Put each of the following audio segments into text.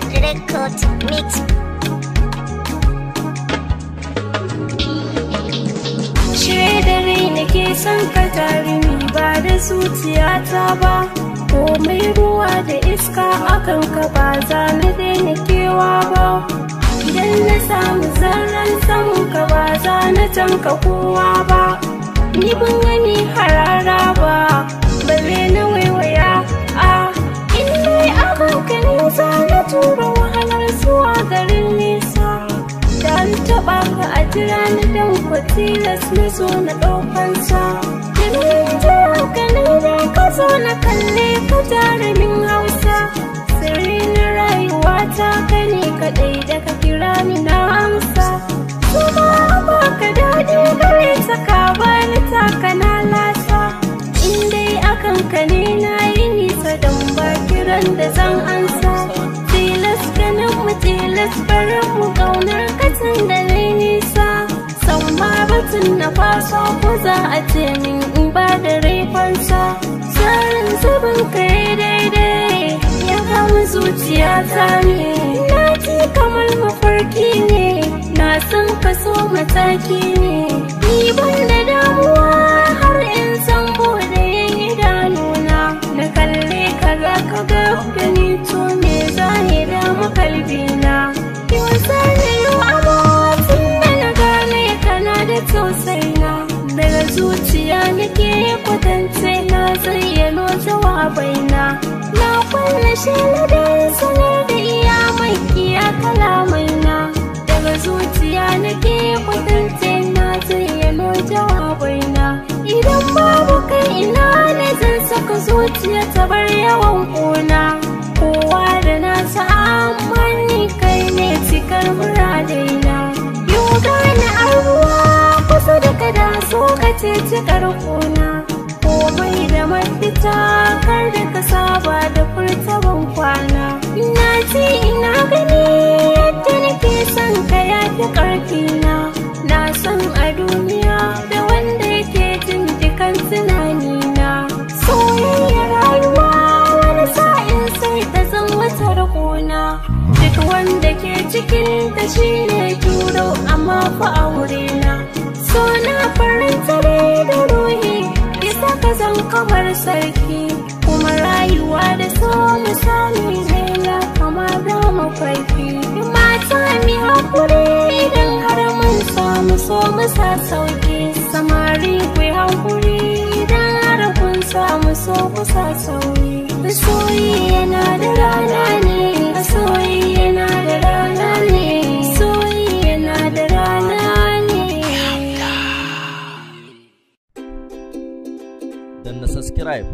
red record mix Shaidare nake son ka tarimi ba da zuciyata ba Komai ruwa da iska akan ka ba za na daina kewa ba Idan na samu zaran samun ka ba za na tanka kowa ba Ni ban gani harara ba jira ni dan wasilas na zo na ɗaukansa Jirgin jira ka ne da ka zo na kalle ka jarumin hausa Sirri na rayuwa ta ka ne kaɗai da ka kira ni na amsa Kuma ba ka daɗi gare ta ka bani taka na lasa In dai akan ka ne na yi nisa don ba kiran da zan ansa Tilas ganin mu tilas barin mu sun na faso ko za a ce min in ba da rai tsarin zubin kai daidai ya kama zuciya ta ne na ji kamar mafarki ne na san kaso mataki raina daga zuciya nake kwatance na zayyano jawabaina na kulle shela da da iya makiya kalamaina daga zuciya nake kwatance na zayyano jawabaina idan babu kai ina ne zan saka zuciya ta bar yawan ƙuna kowa da nasa amma ni kai ne cikar ce cikar kuna komai da mafita kar da ka saba da furta kwana ina ci ina gani yadda nake son ka yafi karfi na na san a duniya da wanda yake jin dukan tunani na soyayya rayuwa wani sa'in sai ta zan wata rakona duk wanda ke cikin ta ne turo amma fa kamar sarki kuma rayuwa da so misali ne na kama da mafarki mata mi hakuri idan har mun samu so sa sauki samari ku hakuri idan har kun samu so sa sauki. soyi yana da rana ne na subscribe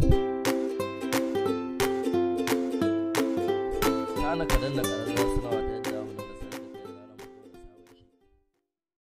ta na kana ka danna ƙararrawa wata